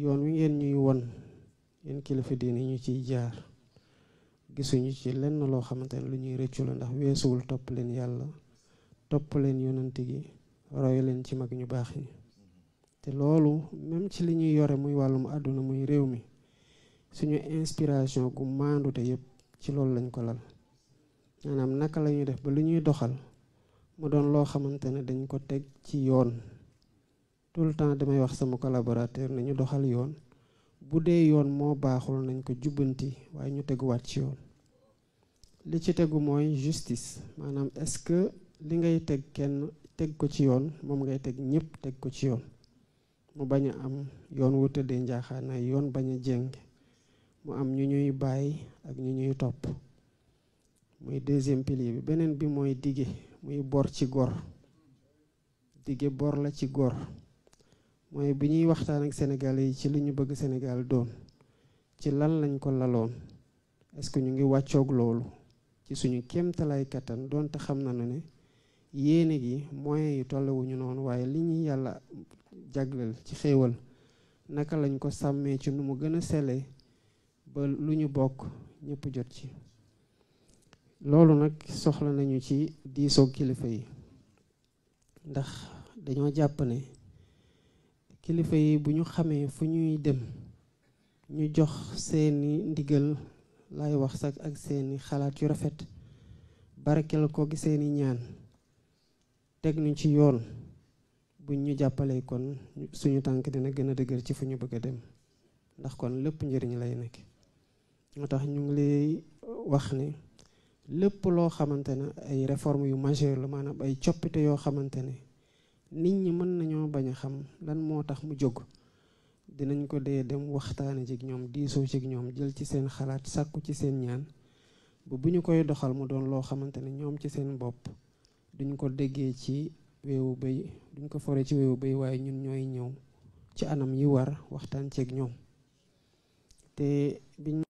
yoon wi ngeen ñuy won yéen kilifa diine ñu ciy jaar gisuñu ci lenn loo xamante ne lu ñuy rëccu la ndax weesuwul topp leen yàlla topp leen yonent gi roy leen ci mag ñu baax yi te loolu même ci li ñuy yore muy wàllum àdduna muy réew mi suñu inspiration gu maandute yépp ci loolu lañ ko lal maanaam naka lañuy def ba li ñuy doxal mu doon loo xamante ne dañ ko teg ci yoon tout le temps damay wax sama collaborateur nañu doxal yoon bu dee yoon moo baaxul nañ ko jubbanti waaye ñu teguwaat ci yoon li ci tegu mooy justice maanaam est-ce que li ngay teg kenn teg ko ci yoon moom ngay teg ñëpp teg ko ci yoon mu bañ a am yoon wu tëddee njaaxaanaay yoon bañ a jéng mu am ñu ñuy bàyyi ak ñu ñuy topp muy deuxième pilier bi beneen bi mooy dige muy bor ci gor dige bor la ci gor mooy bi ñuy waxtaan ak sénégalais yi ci li ñu bëgg Sénégal doon ci lan lañ ko laloon est que ñu ngi wàccoog loolu ci suñu kéemtalaay kattan doonte xam na nañu ne yéene gi moyens yi tollewuñu noonu waaye li ñuy yàlla jagleel ci xéewal naka lañ ko sàmmee ci nu mu gën a selee ba lu ñu bokk ñëpp jot ci loolu nag soxla nañu ci diisoo kilifa yi ndax dañoo jàpp ne kilifa yi bu ñu xamee fu ñuy dem ñu jox seeni ndigal lay wax sag ak seeni xalaat yu rafet barkeel ko gi seeni ñaan teg ñu ci yoon buñ ñu jàppalee kon suñu tànk dina gën a dëgër ci fu ñu bëgg dem ndax kon lépp njëriñ lay nekk ñoo tax ñu ngi lay wax ni lépp loo xamante ne ay reforme yu majeure la maanaam ay coppite yoo xamante ne nit ñi mën nañoo xam lan moo tax mu jóg dinañ ko dee dem waxtaane ci ñoom diisoo ci ñoom jël ci seen xalaat sàkku ci seen ñaan ba bu ñu koy doxal mu doon loo xamante ne ñoom ci seen bopp duñ ko déggee ci weewu béy duñ ko fore ci weewu béy waaye ñun ñooy ñëw ci anam yi war waxtaan ceeg ñoom te biñ